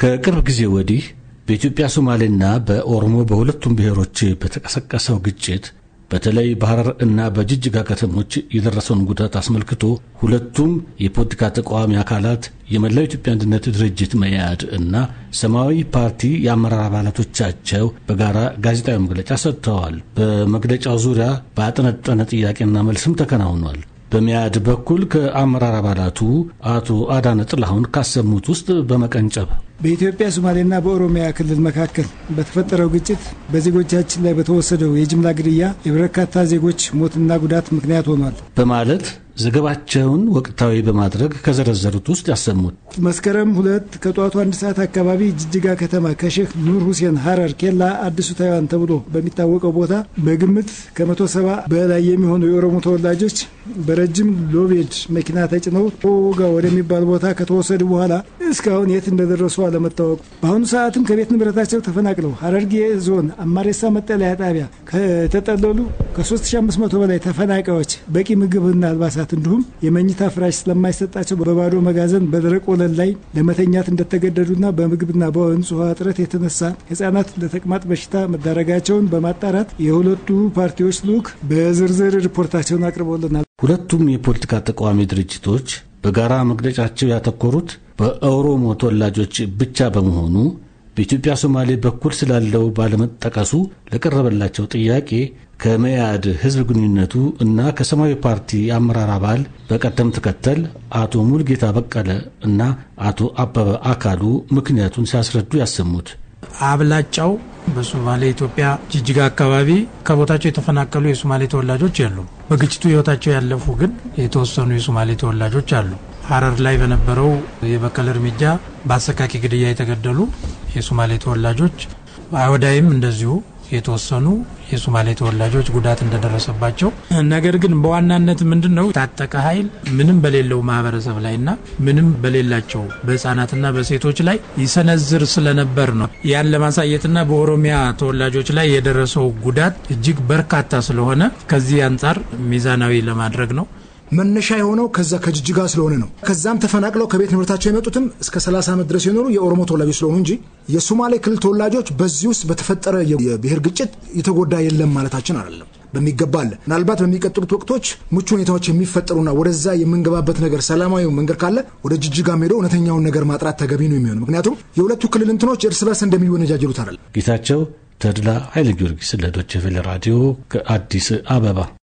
ከቅርብ ጊዜ ወዲህ በኢትዮጵያ ሶማሌና በኦሮሞ በሁለቱም ብሔሮች በተቀሰቀሰው ግጭት በተለይ ባህረር እና በጅጅጋ ከተሞች የደረሰውን ጉዳት አስመልክቶ ሁለቱም የፖለቲካ ተቃዋሚ አካላት የመላው ኢትዮጵያ አንድነት ድርጅት መያድ እና ሰማያዊ ፓርቲ የአመራር አባላቶቻቸው በጋራ ጋዜጣዊ መግለጫ ሰጥተዋል። በመግለጫው ዙሪያ በአጠነጠነ ጥያቄና መልስም ተከናውኗል። በሚያድ በኩል ከአመራር አባላቱ አቶ አዳነ ጥላሁን ካሰሙት ውስጥ በመቀንጨብ በኢትዮጵያ ሶማሌና በኦሮሚያ ክልል መካከል በተፈጠረው ግጭት በዜጎቻችን ላይ በተወሰደው የጅምላ ግድያ የበርካታ ዜጎች ሞትና ጉዳት ምክንያት ሆኗል በማለት ዘገባቸውን ወቅታዊ በማድረግ ከዘረዘሩት ውስጥ ያሰሙት መስከረም ሁለት ከጠዋቱ አንድ ሰዓት አካባቢ ጅጅጋ ከተማ ከሼክ ኑር ሁሴን ሀረር ኬላ አዲሱ ታይዋን ተብሎ በሚታወቀው ቦታ በግምት ከመቶ ሰባ በላይ የሚሆኑ የኦሮሞ ተወላጆች በረጅም ሎቤድ መኪና ተጭነው ጦጋ ወደሚባል ቦታ ከተወሰዱ በኋላ እስካሁን የት እንደደረሱ አለመታወቁ በአሁኑ ሰዓትም ከቤት ንብረታቸው ተፈናቅለው ሀረርጌ ዞን አማሬሳ መጠለያ ጣቢያ ከተጠለሉ ከ3500 በላይ ተፈናቃዮች በቂ ምግብና አልባሳት እንዲሁም የመኝታ ፍራሽ ስለማይሰጣቸው በባዶ መጋዘን በደረቅ ወለል ላይ ለመተኛት እንደተገደዱና በምግብና በንጹህ እጥረት የተነሳ ህጻናት ለተቅማጥ በሽታ መዳረጋቸውን በማጣራት የሁለቱ ፓርቲዎች ልዑክ በዝርዝር ሪፖርታቸውን አቅርበውልናል። ሁለቱም የፖለቲካ ተቃዋሚ ድርጅቶች በጋራ መግለጫቸው ያተኮሩት በኦሮሞ ተወላጆች ብቻ በመሆኑ በኢትዮጵያ ሶማሌ በኩል ስላለው ባለመጠቀሱ ለቀረበላቸው ጥያቄ ከመያድ ህዝብ ግንኙነቱ እና ከሰማያዊ ፓርቲ አመራር አባል በቀደም ተከተል አቶ ሙልጌታ በቀለ እና አቶ አበበ አካሉ ምክንያቱን ሲያስረዱ ያሰሙት አብላጫው በሶማሌ ኢትዮጵያ ጅጅጋ አካባቢ ከቦታቸው የተፈናቀሉ የሶማሌ ተወላጆች የሉም። በግጭቱ ህይወታቸው ያለፉ ግን የተወሰኑ የሶማሌ ተወላጆች አሉ። ሀረር ላይ በነበረው የበቀል እርምጃ በአሰቃቂ ግድያ የተገደሉ የሶማሌ ተወላጆች አወዳይም እንደዚሁ የተወሰኑ የሶማሌ ተወላጆች ጉዳት እንደደረሰባቸው ነገር ግን በዋናነት ምንድን ነው የታጠቀ ኃይል ምንም በሌለው ማህበረሰብ ና ምንም በሌላቸው በህፃናትና በሴቶች ላይ ይሰነዝር ስለነበር ነው። ያን ለማሳየትና በኦሮሚያ ተወላጆች ላይ የደረሰው ጉዳት እጅግ በርካታ ስለሆነ ከዚህ አንጻር ሚዛናዊ ለማድረግ ነው። መነሻ የሆነው ከዛ ከጅጅጋ ስለሆነ ነው። ከዛም ተፈናቅለው ከቤት ንብረታቸው የመጡትም እስከ 30 ዓመት ድረስ የኖሩ የኦሮሞ ተወላጆች ስለሆኑ እንጂ የሶማሌ ክልል ተወላጆች በዚህ ውስጥ በተፈጠረ የብሔር ግጭት የተጎዳ የለም ማለታችን አይደለም። በሚገባ አለ። ምናልባት በሚቀጥሉት ወቅቶች ምቹ ሁኔታዎች የሚፈጠሩና ወደዛ የምንገባበት ነገር ሰላማዊ መንገድ ካለ ወደ ጅጅጋም ሄዶ እውነተኛውን ነገር ማጥራት ተገቢ ነው የሚሆነው። ምክንያቱም የሁለቱ ክልል እንትኖች እርስ በርስ እንደሚወነጃጀሉት አይደለም። ጌታቸው ተድላ ኃይለ ጊዮርጊስ ለዶይቼ ቬለ ራዲዮ ከአዲስ አበባ